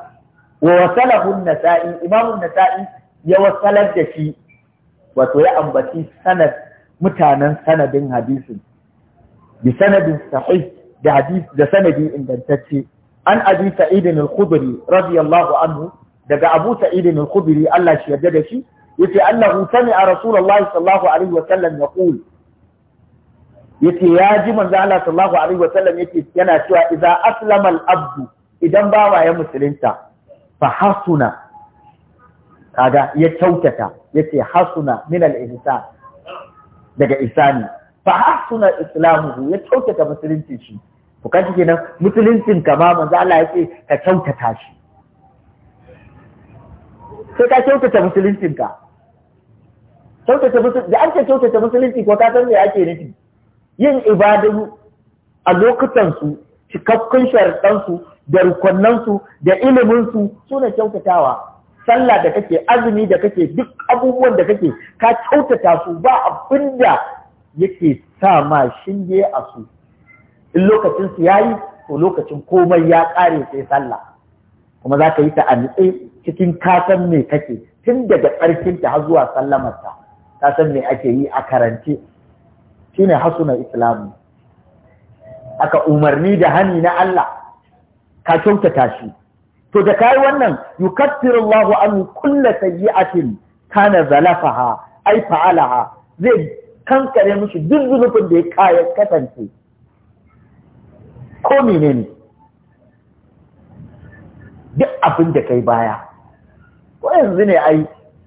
[SPEAKER 1] wa wasalahu an-nasa'i imamu an-nasa'i ya wasalar da shi wato ya ambaci sanad mutanen sanadin hadisin bi sanadin sahih da hadis da sanadi ingantacce an abi sa'id al-khudri radiyallahu anhu daga abu sa'id al-khudri Allah shi yarda da shi yace annahu sami'a rasulullahi sallallahu alaihi wa sallam yaqul yace ya ji manzo Allah sallallahu alaihi wa sallam yake yana cewa idza aslama al-abdu idan bawa ya musulunta fa kaga ya kyautata yace hasuna min al-ihsan daga isani fa hasuna islamuhu ya kyautata musulunci shi to kaji kenan musuluncin ka ma manzo Allah yace ka kyautata shi sai ka kyautata musuluncin ka kyautata musulunci da an ce kyautata musulunci ko ka san me ake nufi yin ibadu a lokutan su cikakkun sharɗan su da rukunansu da iliminsu suna kyautatawa sallah da kake azumi da kake duk abubuwan da kake ka kyautata su ba abin da yake sa ma shinge a su in lokacinsu su yayi ko lokacin komai ya kare sai sallah kuma za ka yi ta a cikin kasan me kake tun daga tsarkinta har zuwa sallamarta ka san me ake yi a karance shine hasuna islamu aka umarni da hani na Allah ka kyautata shi to da kai wannan yukaffiru Allahu an kullu sayyi'atin kana zalafaha ai fa'alaha zai kankare mushi duk zunubin da ya kaya kasance ko menene duk abin da kai baya ko yanzu ne ai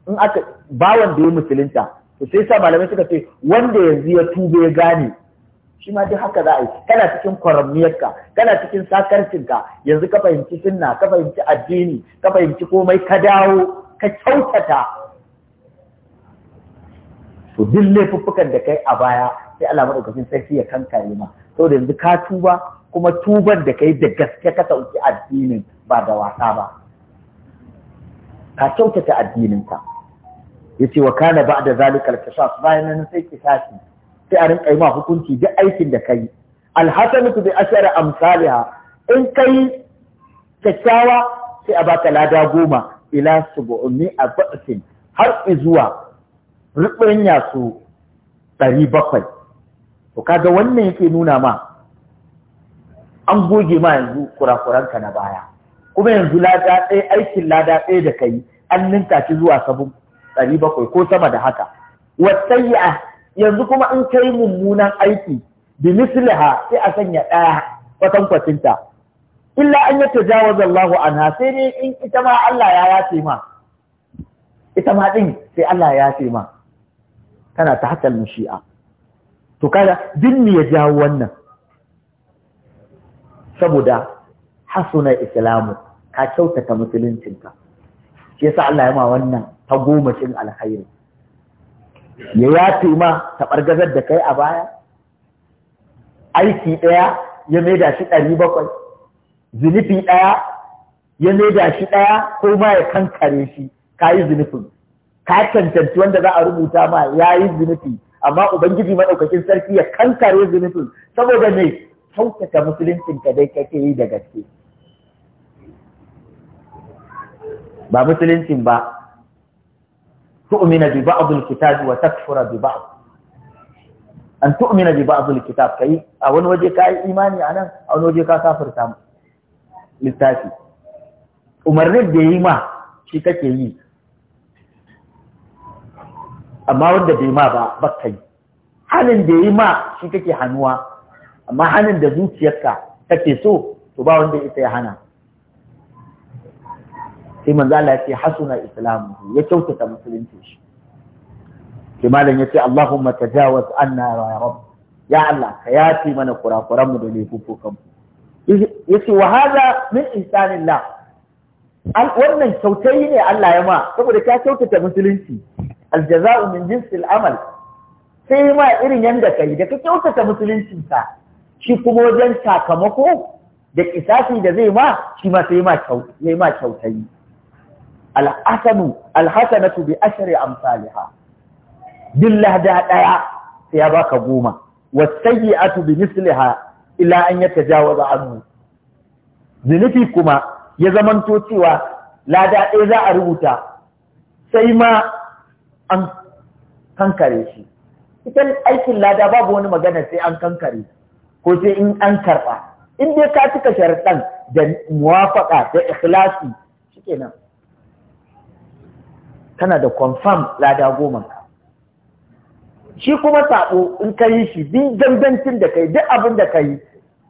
[SPEAKER 1] in aka bawan da ya musulunta to sai sa malamai suka ce wanda yanzu ya tube ya gane shi ma duk haka za a yi kana cikin kwaramniyarka kana cikin sakarcinka yanzu ka fahimci sunna ka fahimci addini ka fahimci komai ka dawo ka kyautata to duk laifuffukan da kai a baya sai Allah madaukakin sarki ya kankare ma da yanzu ka tuba kuma tuban da kai da gaske ka sauki addinin ba da wasa ba ka kyautata addininka yace wa kana ba'da zalikal qisas bayan nan sai kisasi sai a rinka yi ma hukunci duk aikin da kai bai bi a amsalha in kai kyakkyawa sai a baka lada goma ila subu'mi a har zuwa rubanya su ɗari bakwai to kaga wannan yake nuna ma an goge ma yanzu kurakuranka na baya kuma yanzu lada ɗaya aikin lada ɗaya da kai an ninka shi zuwa sabon ɗari bakwai ko sama da haka wasayya yanzu kuma in kai mummunan aiki bi misliha sai a sanya ɗaya kwatankwacin illa an yi tajawaza Allahu anha sai dai in ita ma Allah ya yafe ma ita ma din sai Allah ya yafe ma Tana ta hatal shi'a. to kaga dinni ya jawo wannan saboda hasuna islamu ka kyautata musuluncinka shi yasa Allah ya ma wannan ta gomashin alkhairi ya yafe ma gazar da kai a baya aiki ɗaya ya maida shi ɗari bakwai zunufi ɗaya ya maida shi ɗaya ko ma ya kankare shi ka yi zunufin ka cancanci wanda za a rubuta ma ya yi zunufi amma ubangiji maɗaukakin sarki ya kankare zunufin saboda ne kyautata musulunci ka dai kake yi da gaske ba musulunci ba تؤمن ببعض الكتاب وتكفر ببعض wa takfura ببعض الكتاب an tu'mina bi ba'd al-kitab a wani waje ka yi imani a wani waje ka umarnin da yi ma shi kake yi amma wanda bai ma ba ba hanin da yi ma shi kake hannuwa amma hanin da zuciyarka kake so to ba wanda ita ya hana sai manzo Allah ya ce hasuna islamuhu ya kyautata musulunci shi sai malam ya ce Allahumma tajawaz anna ya rabb ya Allah ka yafi mana kurakuran mu da laifuffukan mu yace wa hadha min insanillah wannan kyautai ne Allah ya ma saboda ka kyautata musulunci aljaza'u min jinsil amal sai ma irin yanda kai da ka kyautata musulunci ka shi kuma wajen sakamako da kisasi da zai ma shi ma sai ma kyautai al'asanu alhasanatu bi ashri amsalha Bin da daya ya baka goma wasayyi'atu bi misliha ila an yatajawaza annu. zunufi kuma ya zamanto cewa lada ɗaya za a rubuta sai ma an kankare shi ita aikin lada babu wani magana sai an kankare ko sai in an karɓa in dai ka cika sharaɗan da muwafaƙa da ikhlasi shikenan kana da confirm lada goma ka shi kuma saɓo in ka yi shi bin dangancin da kai duk abin da ka yi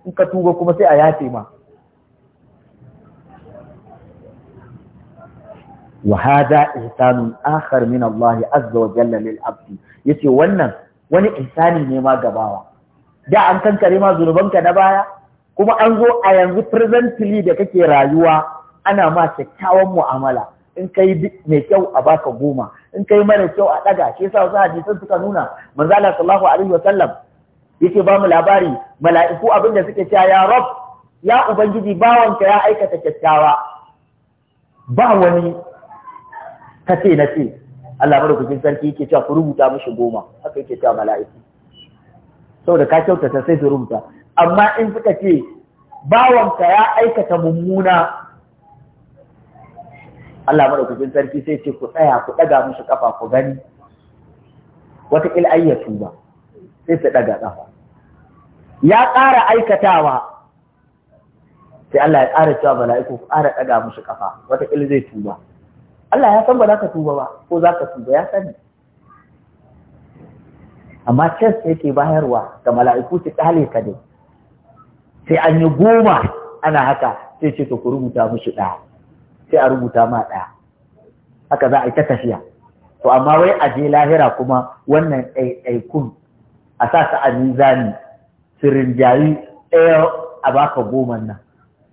[SPEAKER 1] in ka tuba kuma sai a yafe ma wa hada ihsanun akhar min Allah azza wa jalla lil abd yace wannan wani ihsani ne ma gabawa da an kankare ma zunubanka na baya kuma an zo a yanzu presently da kake rayuwa ana ma kyakkyawan mu'amala in kai mai kyau a baka goma in kai mara kyau a ɗaga shi yasa wasu hadisan suka nuna manzala sallallahu alaihi wasallam yake ba mu labari mala'iku abin da suke cewa ya rab ya ubangiji bawanka ya aikata kyakkyawa ba wani kace na ce Allah madaukakin sarki yake cewa ku rubuta mishi goma haka yake cewa mala'iku saboda ka kyautata sai su rubuta amma in suka ce bawanka ya aikata mummuna Allah madaukakin sarki sai ce ku tsaya ku daga musu kafa ku gani wata kil ayyatu ba sai su daga kafa ya ƙara aikatawa sai Allah ya ƙara cewa mala'iku ku ƙara daga musu kafa wata kil zai tuba Allah ya san ba za ka tuba ba ko za ka tuba ya sani amma sai ke bayarwa ga mala'iku su kale ka dai sai an yi goma ana haka sai ce to ku rubuta mushi ɗaya sai a rubuta ma ɗaya haka za a yi ta tafiya to amma wai a je lahira kuma wannan ɗaiɗaikun a sa su a mizani sirin ɗaya a baka goma nan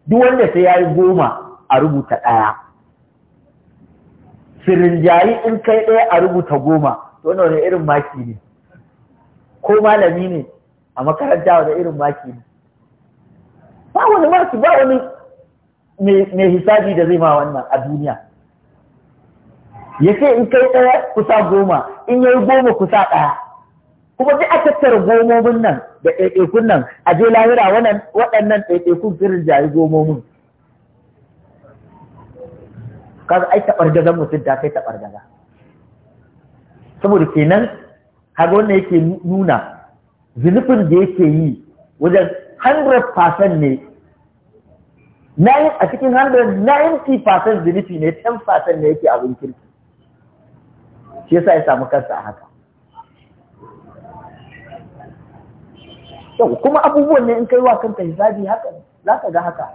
[SPEAKER 1] duk wanda sai ya yi goma a rubuta ɗaya sirin in kai ɗaya a rubuta goma to wani wani irin maki ne ko malami ne a makaranta wani irin maki ne ba wani maki ba wani Me hisabi da zai ma wannan a duniya ya ce in kai ɗaya kusa goma in yi goma kusa ɗaya kuma duk a tattara gomomin nan da ɗaiɗaikun nan a je lahira waɗannan ɗaiɗaikun firin jari gomomin kaga ai taɓar daga mutum ta kai taɓar gaza saboda kenan kaga wannan yake nuna zunubin da yake yi wajen 100% ne yi a cikin 100 90% zunubi ne 10% ne yake abin kirki shi yasa ya samu kansa a haka kuma abubuwan ne in kai wa kanka hisabi haka za ka ga haka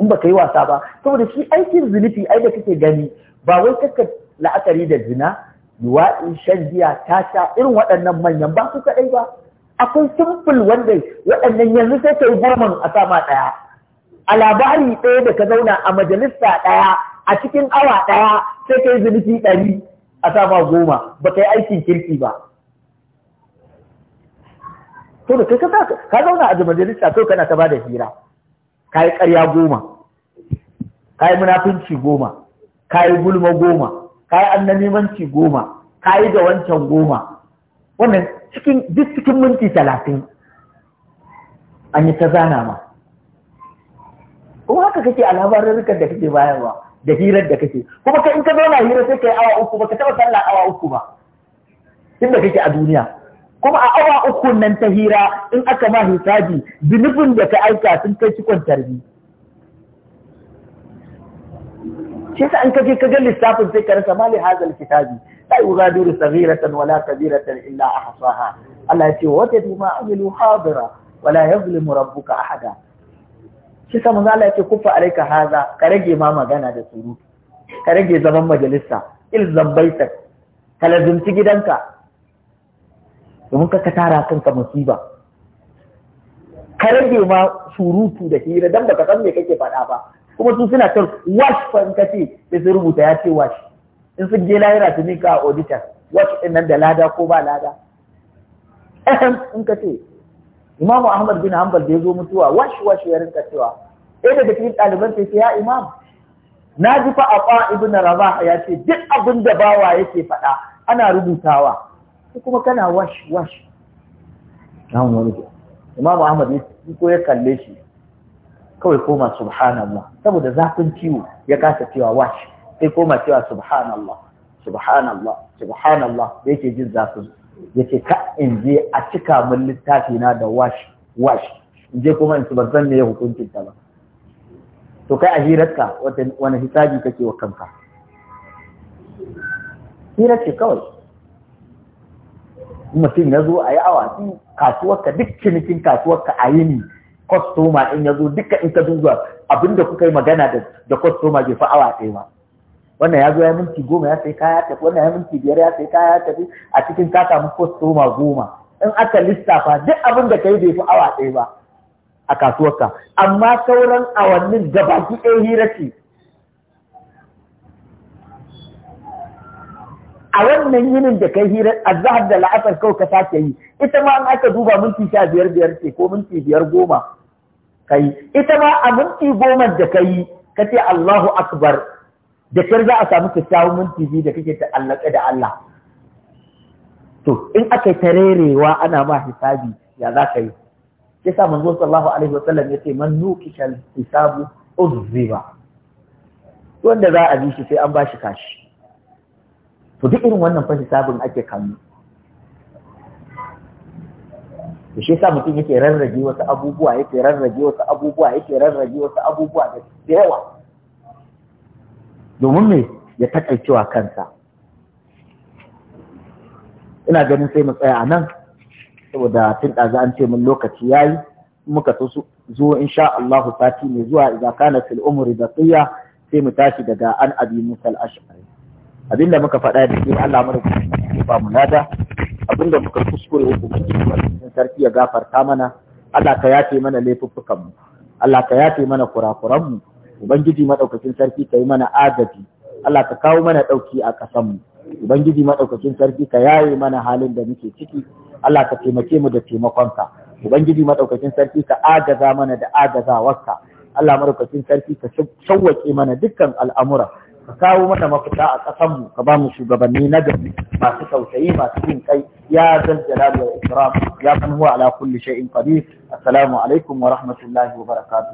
[SPEAKER 1] in ba ka yi wasa ba saboda shi aikin zunifi ai da kake gani ba wai kaka la'akari da zina luwaɗi shan giya tasha irin waɗannan manyan ba su kaɗai ba akwai simple wanda waɗannan yanzu sai ka yi goman a sama ɗaya a labari ɗaya da ka zauna a majalisa ɗaya a cikin awa ɗaya sai kai zunubi ɗari a sama goma ba kai aikin kirki ba to da kai ka zauna a majalisa to kana ta ba da hira ka yi ƙarya goma ka yi munafinci goma ka yi gulma goma ka yi annanimanci goma ka yi da wancan goma wannan duk cikin minti talatin an yi ta zana ma kuma haka kake a labarurrukan da kake bayarwa da hirar da kake kuma kai in ka zauna hira sai kai awa uku ba ka taɓa sallah awa uku ba tunda kake a duniya kuma a awa uku nan ta hira in aka ma hisabi zunubin da ka aika sun kai cikon tarbi shi sa an kaje ga lissafin sai ka rasa mali hazal kitabi la yughadiru saghiratan wala kabiratan illa ahsaha Allah ya ce wa tadu ma amilu hadira wala yazlimu rabbuka ahada shi sa manzo Allah ya ce kufa alayka haza ka rage ma magana da surutu ka rage zaman majalisa il zambaita ka lazimci gidanka domin ka ka tara kanka musiba ka rage ma surutu da hira dan baka san me kake faɗa ba kuma su suna kan wash fa in kace da su rubuta ya ce wash in sun je lahira su mika a auditor wash din nan da lada ko ba lada in kace imamu ahmad bin hanbal da ya zo mutuwa washi washi ya rinka cewa ɗaya daga cikin ɗaliban ta sai ya imam na ji fa afa ibn rabah ya ce duk abin da bawa yake faɗa ana rubutawa Ko kuma kana wash wash nan wani ke imamu ahmad ya ko ya kalle shi kawai koma subhanallah saboda zafin ciwo ya kasa cewa wash sai koma cewa subhanallah subhanallah subhanallah da yake jin zafin ya ce ka in je a cika min littafi na da wash wash in je kuma in ba zan ya hukuncin ta ba to kai a hirarka wani hisabi kake wa kanka hirar ce kawai mutum ya zo a yi awa biyu kasuwarka duk cinikin kasuwarka a yini kwastoma in ya zo duka in ka duba abinda kuka yi magana da kwastoma bai fi awa ɗaya ba wannan ya zo ya minti goma ya sai kaya tafi wannan ya minti biyar ya sai kaya tafi a cikin ka samu kostoma goma in aka lissafa duk abin da kai bai fi awa ɗaya ba a kasuwarka amma sauran awannin da baki ɗaya hira ce a wannan yinin da kai hira a zahar da la'asar kawai ka sake yi ita ma an aka duba minti sha biyar biyar ce ko minti biyar goma kai ita ma a minti goma da kai ka ce Allahu akbar da kyar za a samu kyakkyawan minti biyu da kake ta'allaka da Allah to in aka tarerewa ana ma hisabi ya za ka yi ya sa manzo sallahu alaihi wa sallam ce man nukishal hisabu uzziba wanda za a bi shi sai an bashi kashi to duk irin wannan fa hisabin ake kallo Da shi sa mutum yake rarrage wasu abubuwa yake rarrage wasu abubuwa yake rarrage wasu abubuwa da yawa domin mai ya takaicewa kansa ina ganin sai mu tsaya a nan saboda tun ɗazu an ce min lokaci ya yi muka so zo sha Allah sati mai zuwa idza kana fil umri baqiya sai mu tashi daga an abi musa al abinda muka faɗa da shi Allah mu rubuta ba mu nada abinda muka kuskure ko kuma sarki ya gafarta mana Allah ka yafe mana laifuffukan Allah ka yafe mana kurakuran mu ubangiji maɗaukacin sarki ka yi mana agaji Allah ka kawo mana ɗauki a ƙasar mu ubangiji maɗaukacin sarki ka yaye mana halin da muke ciki Allah ka taimake mu da taimakonka ubangiji maɗaukacin sarki ka agaza mana da agazawarka Allah madaukakin sarki ka sauwake mana dukkan al'amura ka kawo mana mafita a ƙasar mu ka ba mu shugabanni na gari masu tausayi masu jin kai ya zaljala da ikram ya man huwa ala kulli shay'in qadir assalamu alaikum wa rahmatullahi wa barakatuh